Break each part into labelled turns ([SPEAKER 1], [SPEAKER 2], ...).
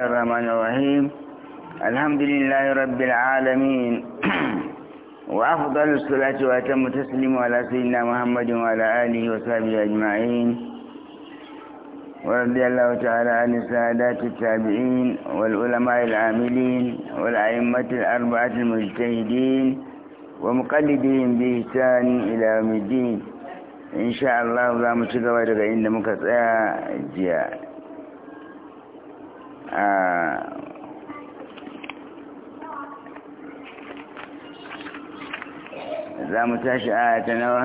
[SPEAKER 1] الرحمن الرحيم الحمد لله رب العالمين وأفضل الصلاة وأتم التسليم على سيدنا محمد وعلى آله وصحبه أجمعين ورضي الله تعالى عن السادات التابعين والعلماء العاملين والأئمة الأربعة المجتهدين ومقلدين بإحسان إلى يوم الدين إن شاء الله لا مشكله إن مكتئة جياء za mu tashi نوى ta nawa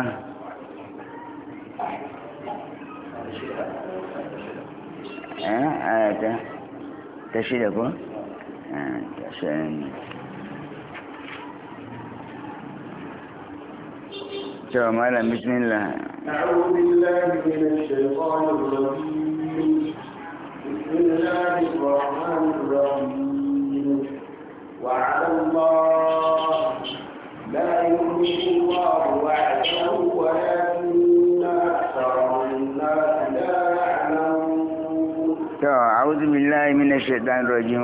[SPEAKER 1] aya ta ta shi da kun? شو مالا بسم الله
[SPEAKER 2] أعوذ بالله من الشيطان الرجيم بسم rajin الرحمن الرحيم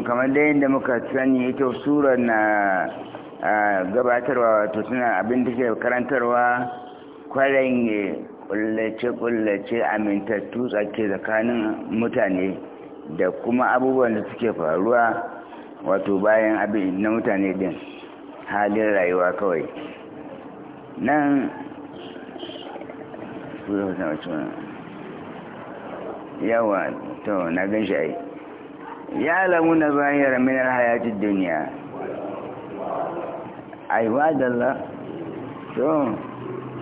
[SPEAKER 1] kamar da yadda muka sani ita sura na gabatarwa wato suna abin da ke karantarwa kwarin kullace-kullace amintattu tsake tsakanin mutane da kuma abubuwan da suke faruwa wato bayan abin na mutane din halin rayuwa kawai nan yawa to na gan shi ai ya lamu na zahira raminar hayatun duniya aiwa da Allah to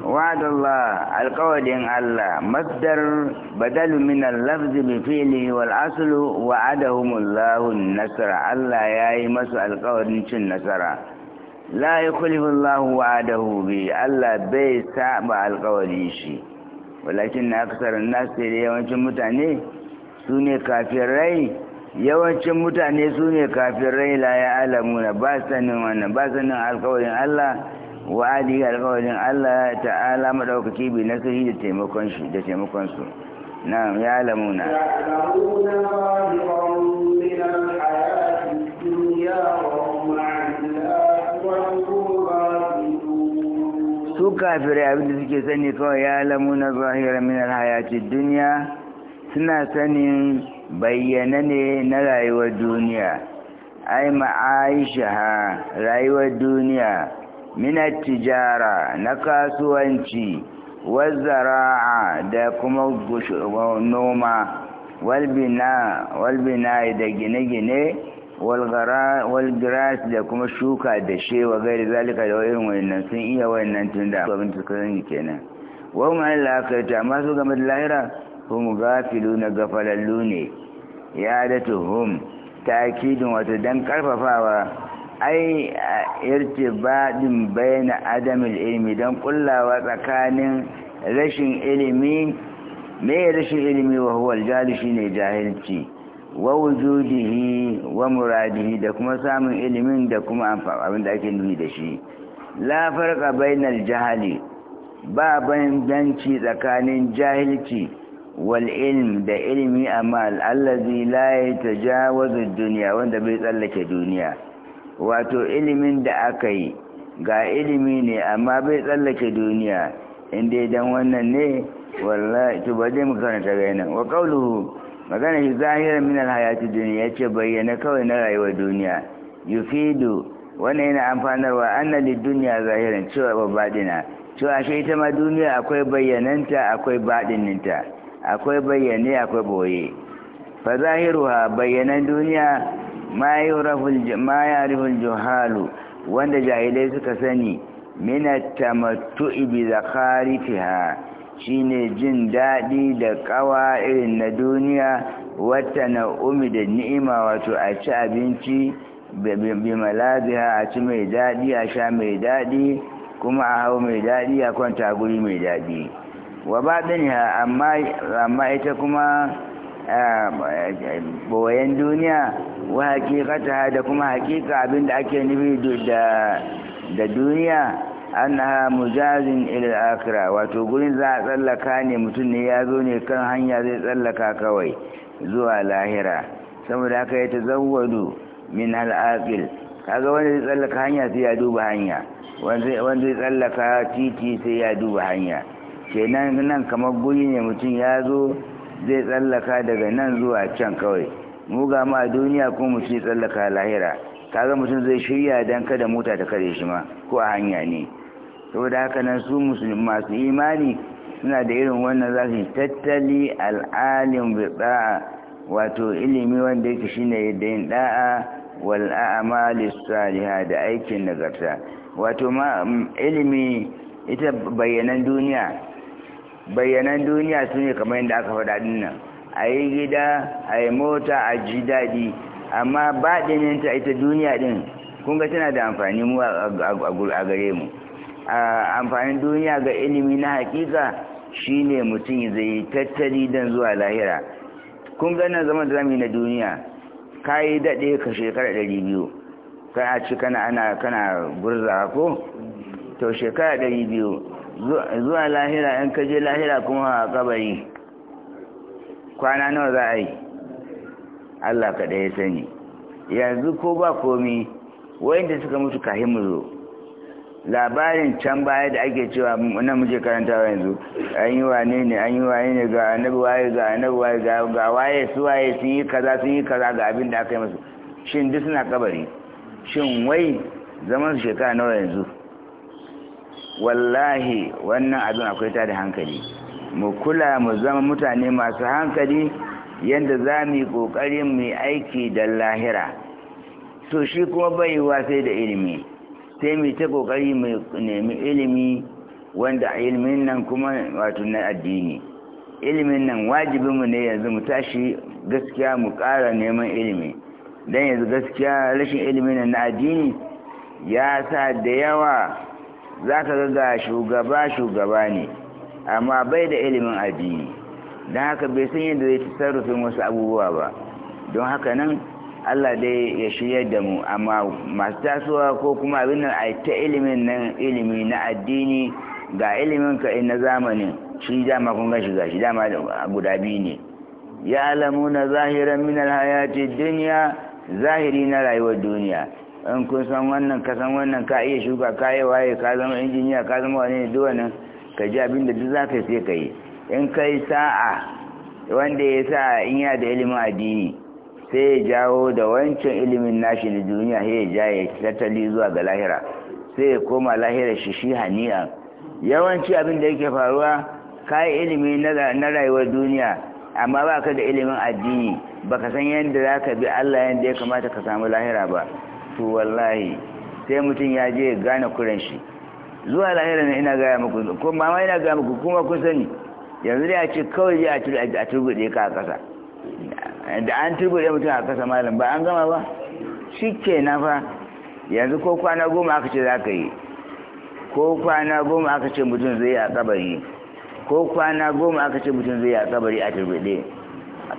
[SPEAKER 1] Wa'adala alƙawarin Allah masdar badalu min al-lafzi bi fi'li wal aslu wa'adahumullahu an-nasra Allah yayi masu alƙawarin cin nasara la yukhlifu Allahu wa'adahu bi Allah bai saba alƙawarin shi walakin aksar an-nas yawancin mutane sune kafirai yawancin mutane sune kafirai la ya'lamuna ba sanin wannan ba sanin alƙawarin Allah wa'adi ga alƙawarin Allah ta'ala madaukaki bi Sirri da taimakon shi da taimakon su na ya lamuna su kafirai abinda suke sani kawai ya lamuna zahira min alhayati duniya suna sanin bayyana ne na rayuwar duniya ai ma'aisha rayuwar duniya Minat tijara na kasuwanci wazzara'a da kuma noma walbina da gine-gine walgiras da kuma shuka da shewa gairi zalika da wayin wannan sun iya wannan tun da abin tukarin kenan wani ma'an la'akarta masu game da lahira hum gafilu na gafalallu ne ya da tuhum takidin wato don karfafawa ai irtibadin bayana adamil ilmi don kullawa tsakanin rashin ilimi mai rashin ilimi wa huwa shi ne jahilci wa wujudihi wa muradihi da kuma samun ilimin da kuma abin da ake nuni da shi la farqa bainal jahali ba banbanci tsakanin jahilci wal ilm da ilimi amma allazi la yatajawazu dunya wanda bai tsallake duniya wato ilimin da aka yi ga ilimi ne amma bai tsallake duniya inda idan wannan ne wallahi to ba zai makaranta gainan wa kauluhu magana shi zahirar minar hayati duniya ya ce bayyana kawai na rayuwa duniya yufidu wannan yana amfanarwa da duniya zahiran cewa babbaɗina cewa shi ita ma duniya akwai bayyananta akwai baɗininta akwai bayyane akwai boye fa zahiruha bayyanan duniya ma yariful juhalu wanda jahilai suka sani mina tamattu'i bi zakharifiha shine jin daɗi da ƙawa irin na duniya wata na'umi da ni'ima wato a ci abinci bi malabiya a ci mai daɗi a sha mai daɗi kuma a hau mai daɗi a kwanta guri mai daɗi wa ba amma ita kuma boyen duniya wa hakikata da kuma hakika abinda ake nufi da duniya annaha mujazin ilil akira wato gurin za a tsallaka ne mutum ne ya zo ne kan hanya zai tsallaka kawai zuwa lahira saboda haka ya tazawwadu min al'aqil kaga wanda zai tsallaka hanya sai ya duba hanya wanda zai tsallaka titi sai ya duba hanya kenan nan kamar guri ne mutum ya zo zai tsallaka daga nan zuwa can kawai mu ga ma duniya ko mu ci tsallaka lahira kaga mutum zai shirya dan kada mota ta kare shi ma ko a hanya ne saboda haka nan su musulmi masu imani suna da irin wannan za su tattali al'alim bi da'a wato ilimi wanda yake shine yadda yin da'a wal a'mali salihah da aikin nagarta wato ma mm, ilimi ita bayanan duniya Bayyanan duniya su ne kamar yadda aka faɗa nan a yi gida a yi mota a ji daɗi amma ba baɗininta ita duniya ɗin kun ga tana da amfani mu a gare mu amfanin duniya ga ilimi na hakika shine mutum zai tattali don zuwa lahira kun ga nan zama da na duniya ka yi daɗe ka shekara ɗari biyu kana ci kana ana kana gurzawa ko to shekara ɗari biyu zuwa lahira in ka je lahira kuma a kabari kwana nawa za a yi Allah ka ya sani yanzu ko ba komi wayanda suka mutu kahin mu zo labarin can baya da ake cewa nan muke karantawa yanzu an yi wane ne an yi wane ne ga annabi waye ga annabi waye ga waye su waye sun yi kaza sun yi kaza ga abin da aka yi musu shin duk suna kabari shin wai zaman su shekara nawa yanzu wallahi wannan abin akwai ta da hankali mu kula mu zama mutane masu hankali yadda za mu yi ƙoƙari mu yi aiki da lahira to shi kuma bai wa sai da ilimi sai mu ta ƙoƙari mu nemi ilimi wanda ilimin nan kuma wato na addini ilimin nan wajibin mu ne yanzu mu tashi gaskiya mu ƙara neman ilimi Dan yanzu gaskiya rashin ilimin nan na addini ya sa da yawa za ka ga shugaba shugaba ne amma bai da ilimin addini don haka bai san yadda zai tasarrufin wasu abubuwa ba don haka nan Allah dai ya shirya da mu amma masu tasowa ko kuma abin nan a ta ilimin nan ilimi na addini ga ilimin ka na zamanin shi dama kun gashi gashi dama guda biyu ne ya na zahiran minar hayati duniya zahiri na rayuwar duniya in kun san wannan ka san wannan ka iya shuka ka yi waye ka zama injiniya ka zama wani ne duk wannan ka ji abin da duk za ka sai ka yi in kai yi sa'a wanda ya sa in yana da ilimin addini sai ya jawo da wancan ilimin nashi na duniya sai ya ja ya tattali zuwa ga lahira sai ya koma lahira shi shi hani'a yawanci abin da yake faruwa ka yi ilimi na rayuwar duniya amma ba ka da ilimin addini ba ka san yadda za ka bi allah yadda ya kamata ka samu lahira ba to wallahi sai mutum ya je gane kuren shi zuwa lahira ne ina gaya muku ko mama ina gaya muku kuma kun sani yanzu dai a ce kawai je a turbude ka a ƙasa da an turbude mutum a ƙasa malam ba an gama ba shi ke na fa yanzu ko kwana goma aka ce za ka yi ko kwana goma aka ce mutum zai yi a kabari ko kwana goma aka ce mutum zai yi a kabari a turbude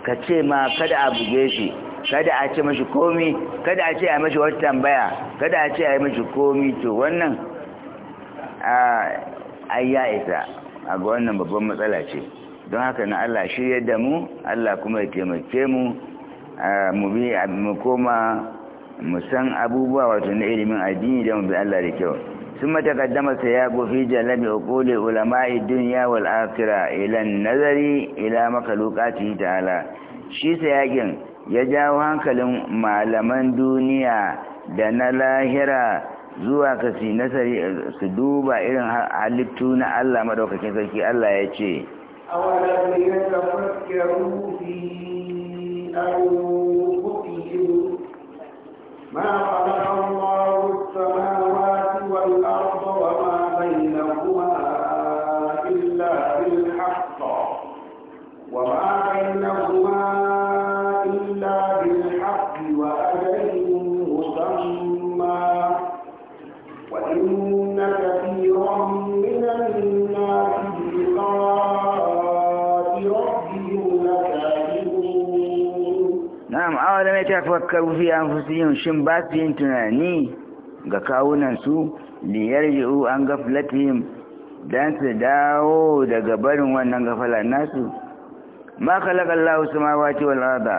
[SPEAKER 1] ka ce ma kada a buge shi kada a ce mashi komi kada a ce a mashi wata tambaya kada a ce a yi mashi komi to wannan a ya isa a ga wannan babban matsala ce don haka na Allah shirya da mu Allah kuma ya taimake mu mu bi mu koma mu san abubuwa wato na ilimin addini da mu bi Allah da kyau ثم تقدم سياق في جلب عقول علماء الدنيا والآخرة ila النظر إلى مخلوقاته تعالى shi yakin ya jawo hankalin malaman duniya da na lahira zuwa ka su nasari su duba irin halittu na Allah madaukakin sarki Allah ya ce
[SPEAKER 2] ما خلق الله السماوات والأرض
[SPEAKER 1] yatafakkaru fi anfusihim shin ba su yin tunani ga kawunan su liyarji'u an gaflatihim dan su dawo daga barin wannan gafala nasu ma khalaqa Allahu samawati wal arda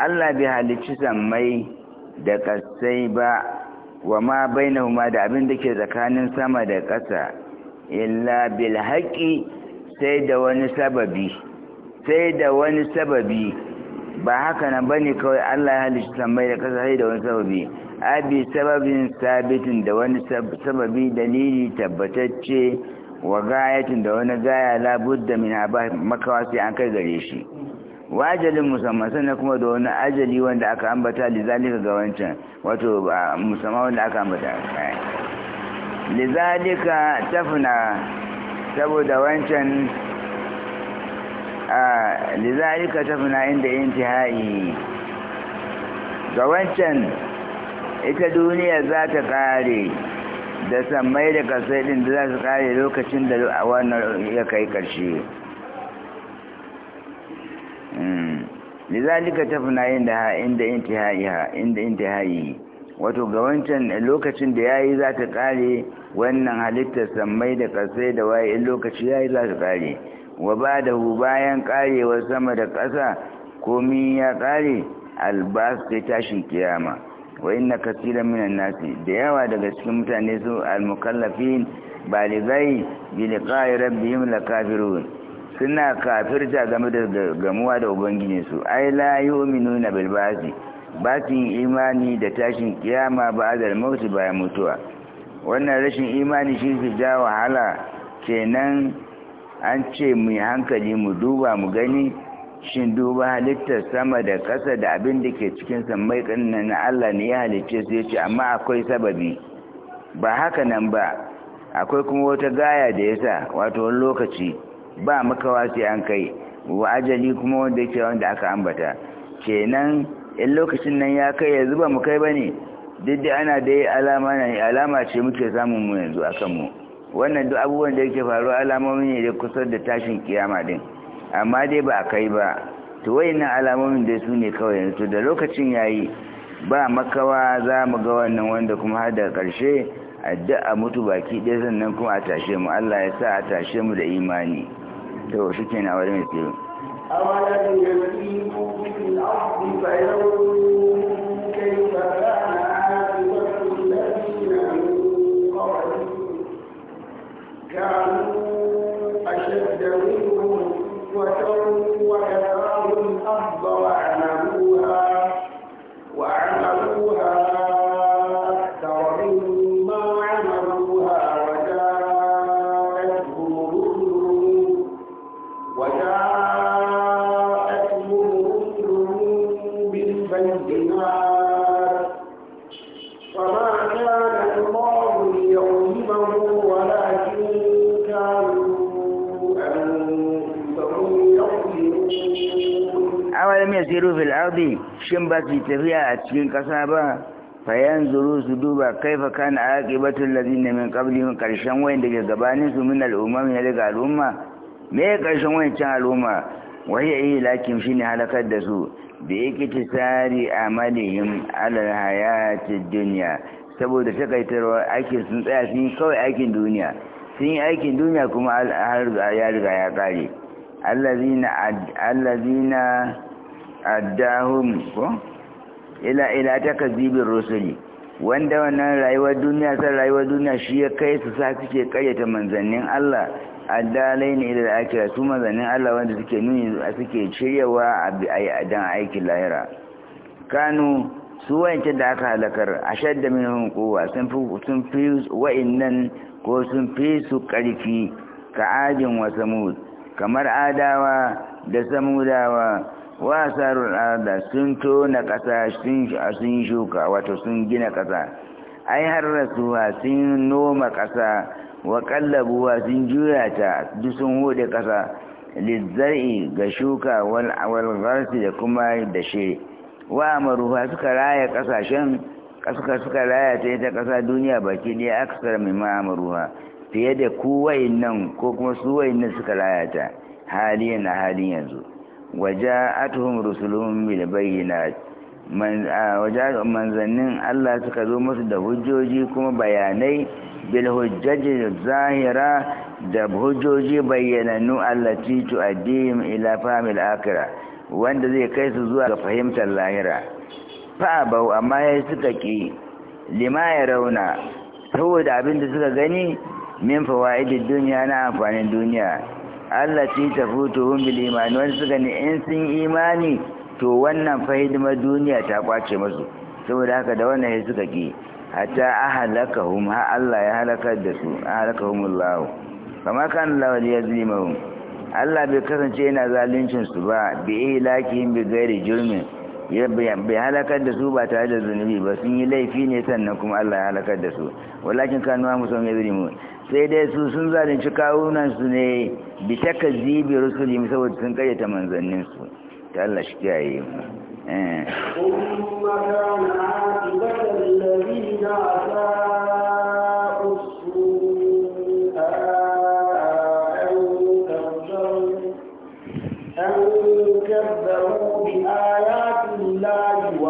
[SPEAKER 1] Allah bai halicci samai da kasai ba wa ma bainahuma da abin da ke tsakanin sama da ƙasa illa bil haqqi sai da wani sababi ba haka nan ba ne kawai Allah ya halitta tambayi da kasa sai da wani sababi abi sababin sabitin da wani sababi dalili tabbatacce wa gayatin da wani gaya labudda min ba makawa sai an kai gare shi wajalin musamman sannan kuma da wani ajali wanda aka ambata lizalika ga wancan wato musamman wanda aka ambata lizalika tafna saboda wancan a lizarika ta fina inda intihai ga wancan ita duniya za ta kare da sammai da kasai din da za su kare lokacin da wannan ya kai karshe hmm. lizalika ta fina inda inda intihai wato ga wancan lokacin da ya yi za ta kare wannan halittar sammai da kasai da waye lokaci ya yi za ta kare wa ba da hu bayan karewar sama da ƙasa komi ya ƙare albas sai tashin kiyama wa inna kasiran minan nasi da yawa daga cikin mutane su almukallafin baligai bi liqa'i rabbihim lakafirun suna kafirta game da gamuwa da ubangine su ai la yu'minuna bil ba'thi batin imani da tashin kiyama ba'da al bayan mutuwa wannan rashin imani shi ke jawo wahala kenan an ce mu hankali mu duba mu gani shin duba halittar sama da ƙasa da abin da ke cikin samai ƙanna na Allah ne ya halicce su ya ce amma akwai sababi ba haka nan ba akwai kuma wata gaya da ya sa wato wani lokaci ba makawa sai an kai wa ajali kuma wanda ke wanda aka ambata kenan in lokacin nan ya kai ya zuba mu kai ba ne duk da ana dai alama ce muke samun mu yanzu akan mu wannan duk abubuwan da yake faruwa alamomi ne da kusa da tashin kiyama din amma dai ba a kai ba to wayannan alamomin da su ne kawai yanzu to da lokacin yayi ba makawa za mu ga wannan wanda kuma har da ƙarshe addu'a mutu baki ɗaya sannan kuma a tashe mu Allah ya sa a tashe mu da imani to shi kenan wani mai
[SPEAKER 2] tsiro النار فما كان الله ليعذبه ولكن
[SPEAKER 1] أولم يسيروا في الأرض شنبت لتفيا أتشين كسابا فينظروا سدوبا كيف كان عاقبة الذين من قبلهم كرشان وين دقي من الأمم يلقى الأمة ما كرشان تعالوا كان yi ilakin shi ne halakar da su da yake tsari a malihin alal duniya saboda takaitarwa aikin sun tsaya sun yi kawai aikin duniya sun yi aikin duniya kuma ya riga ya kare allazina addahum ko ila ila zibin rusuli wanda wannan rayuwar duniya san rayuwar duniya shi ya kai su sa suke karyata manzannin Allah addalai ne da ake su manzannin Allah wanda suke nuni suke shiryawa a dan aiki lahira kanu su wayance da aka halakar a shadda minhum quwwa sun fi sun fi wa'annan ko sun fi su karfi ka ajin wa samud kamar adawa da samudawa wa wasarun arda sun tona ƙasa sun shuka wato sun gina ƙasa ai har rasuwa sun noma ƙasa wa sun juya ta duk sun hode ƙasa lizzai ga shuka garsi da kuma da dashe wa maruwa suka raya kasashen kasuka suka raya ta ita ƙasa duniya baki ne aksar mai ma'amaruwa fiye da kuwayin nan ko kuma suwayin nan suka raya ta haliyan na halin yanzu وجاءتهم رسلهم بالبينات من وجاء منزنين الله suka zo musu da hujjoji kuma bayanai bil hujjaji zahira da hujjoji bayyananu allati tu'addihim ila fahmil akhirah wanda zai kai su zuwa ga fahimtar lahira fa bau amma yayi suka ki lima ya rauna saboda abin da suka gani min fawaidid duniya na amfanin duniya Allah ce ta fito hun bil imani wani suka ne in sun imani to wannan fa duniya ta kwace musu saboda haka da wannan ya suka ki hatta ahlakahum ha Allah ya halakar da su ahlakahumullahu kama kan Allah wal yazlimahum Allah bai kasance yana zaluncin su ba bi ilakihim bi ghairi ya bai halakar da su ba tare da zunubi ba sun yi laifi ne sannan kuma Allah ya halakar da su walakin kanu musulmi yuzlimun sai dai su sun zalunci kawunansu ne bi ta ka zibi rusuli saboda sun karyata manzanninsu ta Allah shi kiyaye mu ثم eh. eh.
[SPEAKER 2] أن كذبوا بآيات الله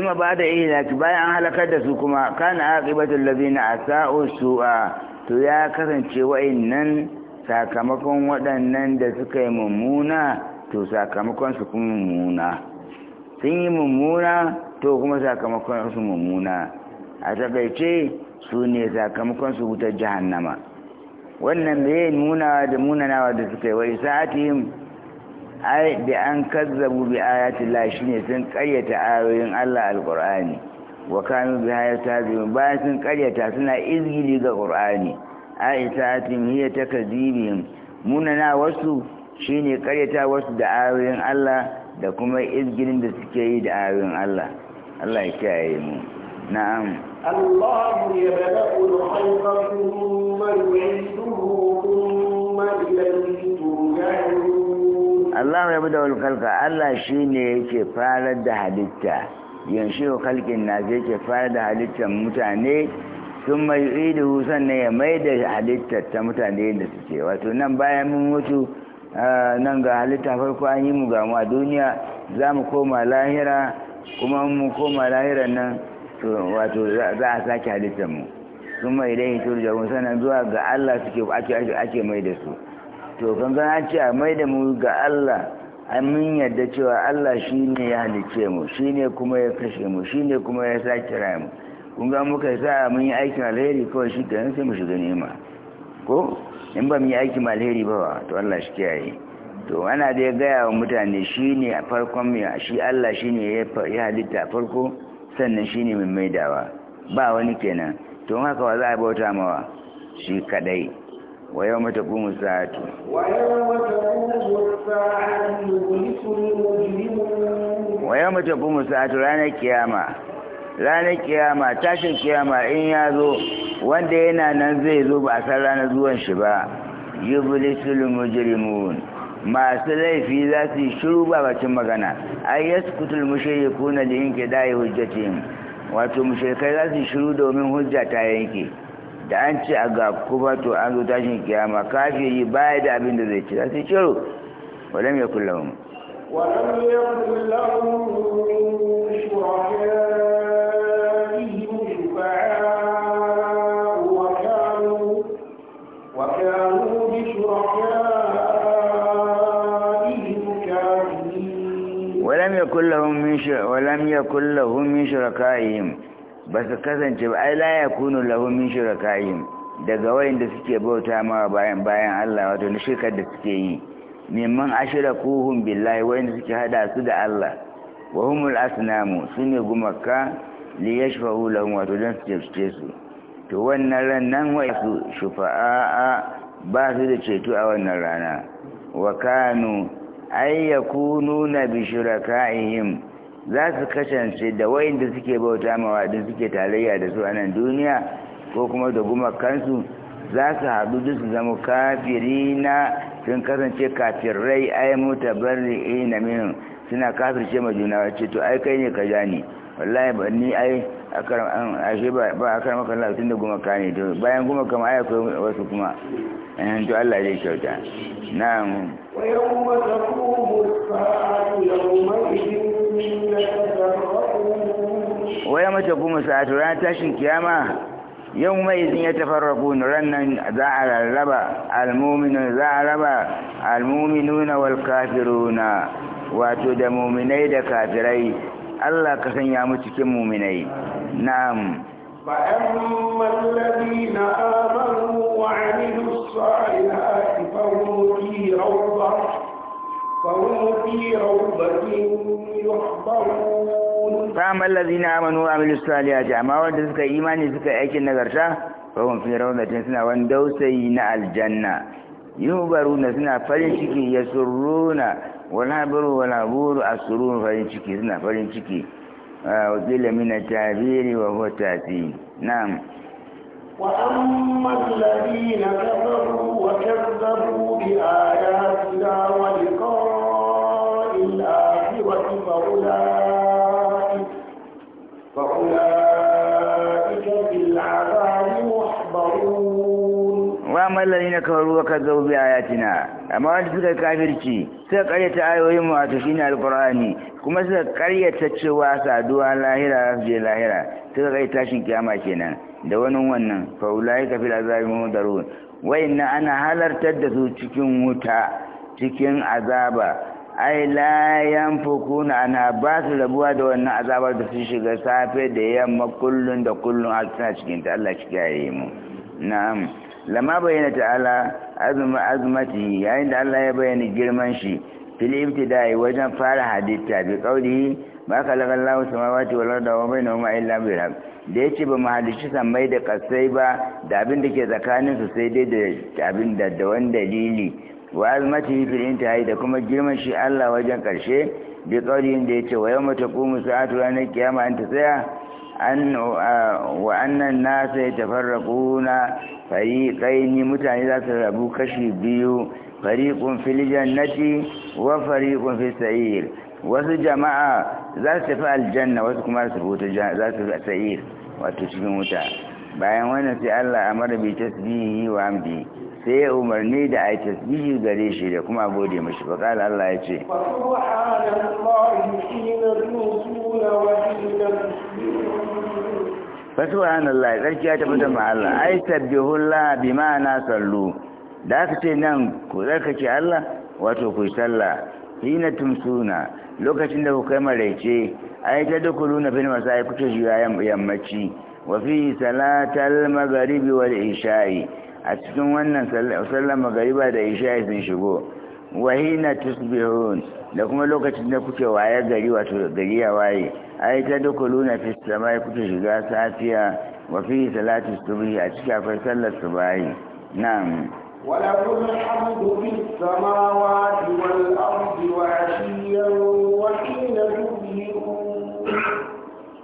[SPEAKER 1] ثم بعد إهلاك بايا أن هلكت سوكما كان عاقبة الذين أساءوا السوء تيا كثن شوئنن sakamakon waɗannan da suka yi mummuna to sakamakon su kuma mummuna sun yi mummuna to kuma sakamakon su mummuna a takaice su ne sakamakon su wutar jahannama wannan da ya nuna da munanawa da suka yi wa isa'atihim ai bi an kazzabu bi ayati shine sun karyata ayoyin Allah alqur'ani wa kanu bi ayati bayan sun karyata suna izgili ga qur'ani ai sa'atin hiya muna munana wasu shine karyata wasu da ayoyin Allah da kuma izgilin da suke yi da ayoyin Allah Allah ya kiyaye mu na'am
[SPEAKER 2] الله يبدأ الخلق ثم يعيده ثم إليه ترجعون Allah
[SPEAKER 1] ya bada wal kalka Allah ne yake fara da halitta yanshi kalkin na yake fara da halittar mutane sun mai idu sannan ya mai da halittar ta mutane da suke wato nan bayan mun mutu nan ga halitta farko an yi mu gamu a duniya za mu koma lahira kuma mu koma lahira nan wato za a sake halittar mu sun mai idan hitur jagun sannan zuwa ga Allah suke ake mai da su to kankan an ce a mai da mu ga Allah amin yadda cewa Allah shi ne ya halice mu shi ne kuma ya kashe mu shi ne kuma ya sa kira mu kun ga muka sa mun yi aikin alheri kawai shi kenan sai mu shiga nema ko in ba mu yi aikin alheri ba to Allah shi kiyaye to ana da ya gaya wa mutane shi ne a farkon mu shi Allah shi ne ya halitta farko sannan shi ne mai maidawa ba wani kenan to haka wa za a bauta mawa shi kadai ويوم تقوم الساعة
[SPEAKER 2] ويوم تقوم الساعة يبلس المجرمون
[SPEAKER 1] ويوم تقوم الساعة رانا كياما ranar kiyama tashin kiyama in ya zo wanda yana nan zai zo ba a san ranar zuwan shi ba Yi yublisul mujrimun masu laifi za su yi shiru ba bakin magana ai yaskutul mushrikuna li inkida'i hujjatihim wato mushrikai za su yi shiru domin hujja ta yanke da an ce a ga kuma to an zo tashin kiyama kafi yi baya da abin da zai ci za su ciro wadam ya kula mu ولم يكن لهم من شركائهم ba su kasance ba ai la kunu lahum min shuraka'ihim daga wayanda suke bauta ma bayan bayan Allah wato na shirkar da suke yi mimman ashrakuhum billahi wayanda suke hada su da Allah wa humul asnamu sune gumaka li yashfa'u lahum wato dan su cece su to wannan nan wai su shufa'a ba su da ceto a wannan rana wa kanu ay yakununa bi shuraka'ihim za su kasance da wayanda suke bauta mawa din suke tarayya da su a nan duniya ko kuma da gumakansu za su haɗu duk su zama kafiri na sun kasance kafirai ai mota bari na minin suna kafirce ma juna wace to ai kai ne ka ja ni wallahi ba ni ai ashe ba a karama kan lafi da gumaka ne to bayan guma kama ai akwai wasu kuma yan to Allah zai kyauta na'am
[SPEAKER 2] wa yawma taqumu saatu yawma idin
[SPEAKER 1] waya mata kuma sa'atu ranar tashin kiyama yau mai zin ya tafarraku rannan za a rarraba almominu za a raba almominuna wal kafiruna wato da muminai da kafirai Allah ka sanya mu cikin muminai na'am
[SPEAKER 2] فأما الذين آمنوا وعملوا الصالحات فهم في روضة فهم في روضة يحضرون
[SPEAKER 1] فأما الذين آمنوا وعملوا الصالحات amma wanda suka yi imani suka yi aikin nagarta fa hum fi rawdatin suna wan dausayi na aljanna yubaruna suna farin ciki yasurruna wala buru wala buru asurun farin ciki suna farin ciki wa qila min at-tabiri wa huwa tati na'am
[SPEAKER 2] وأما الذين كفروا وكذبوا بآياتنا ولقاء
[SPEAKER 1] amma lalina ruwa ka zo bi ayatina amma wanda suka kafirci suka karyata ayoyin mu wato shine alqur'ani kuma suka karyata cewa saduwa lahira za je lahira suka kai tashin kiyama kenan da wani wannan fa ka fil azabi mudarun inna ana halartar da su cikin wuta cikin azaba ai la yanfukuna ana ba su rabuwa da wannan azabar da su shiga safe da yamma kullun da kullun a cikin ta Allah shi mu na'am lama bayyana ta'ala azuma azumati yayin da Allah ya bayyana girman shi fil ibtida'i wajen fara halitta bi qawlihi ma khalaqa Allahu samawati wal arda wa bainahuma illa bil haqq da yace ba mahalicci sammai da kasai ba da abin da ke tsakanin su sai dai da abin da da wani dalili wa azumati fil intiha'i da kuma girman shi Allah wajen karshe bi qawlihi da yace wa yawma taqumu sa'atu ranar kiyama an ta tsaya an wa annan nasa yatafarraquna Fari ni mutane za su rabu kashi biyu fari fariƙun filjannati wa fari fi sa'ir wasu jama'a za su tafi aljanna wasu kuma su rubuta za su sa'ir wato cikin wuta bayan wannan sai Allah amara bi tasbihi wa amdi sai ya umarni da ai tasbihi gare shi da kuma gode mashi ba kala Allah ya ce
[SPEAKER 2] subhanallahi
[SPEAKER 1] ya tsarkiya ta fita ma Allah ai sabbihullah bima na sallu da aka ce nan ku tsarkake Allah wato ku sallah hina tumsuna lokacin da ku kai maraice ai ta bin fil masai kuke shiga yammaci wa fi salatal magharibi wal isha'i a cikin wannan sallar Magariba da isha'i sun shigo wahina tusbihun da kuma lokacin da kuke waye gari wato gari ya waye ai ta dukuluna fi samai kuke shiga safiya wa fi salati subhi a cikin akwai sallar subhi na'am
[SPEAKER 2] wala kullu hamdu fi samawati wal ardi wa ashiyan wa hina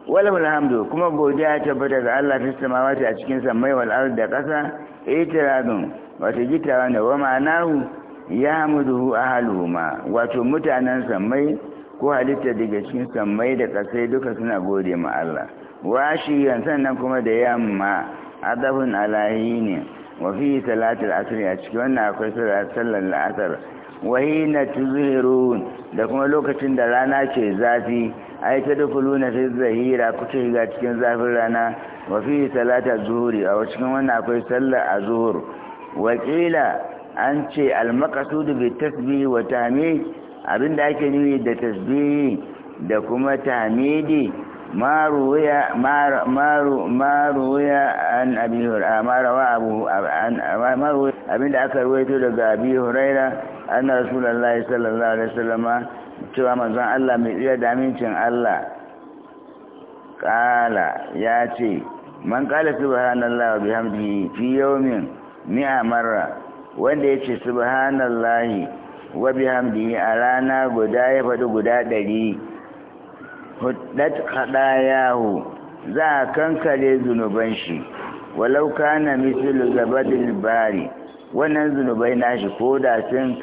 [SPEAKER 1] wala wala hamdu kuma godiya ta bada ga Allah fi samawati a cikin samai wal ardi da kasa itiradun wato gitawa da wa ma'anahu ya muduhu haluma, wato mutanen sammai ko halitta daga cikin sammai da ƙasai duka suna gode ma Allah washiyan sannan kuma da yamma adabun alahi ne wa fi salatul a cikin wannan akwai sallar la'asar wa na tuzuru da kuma lokacin da rana ke zafi a yi ta dukuluna fi zahira kuke shiga cikin zafin rana wa fi salatul a cikin wannan akwai sallar a zuhur wakila an ce almakasudu bi tasbihi wa abin abinda ake nuni da tasbihi da kuma tahmidi maruya maru maru ruwaya an abi hurairah wa abu an ma abinda aka ruwaito daga abi hurairah anna rasulullahi sallallahu alaihi wasallam cewa manzon Allah mai iya da amincin Allah kala ya ce man kala subhanallahi wa bihamdihi fi yawmin mi'a marra wanda ya ce subhanallahi wa bihamdihi a rana guda ya faɗi guda ɗari huɗat yahu za a kankare zunuban shi walau kana mislu zabadil bari wannan zunubai nashi
[SPEAKER 2] ko da sun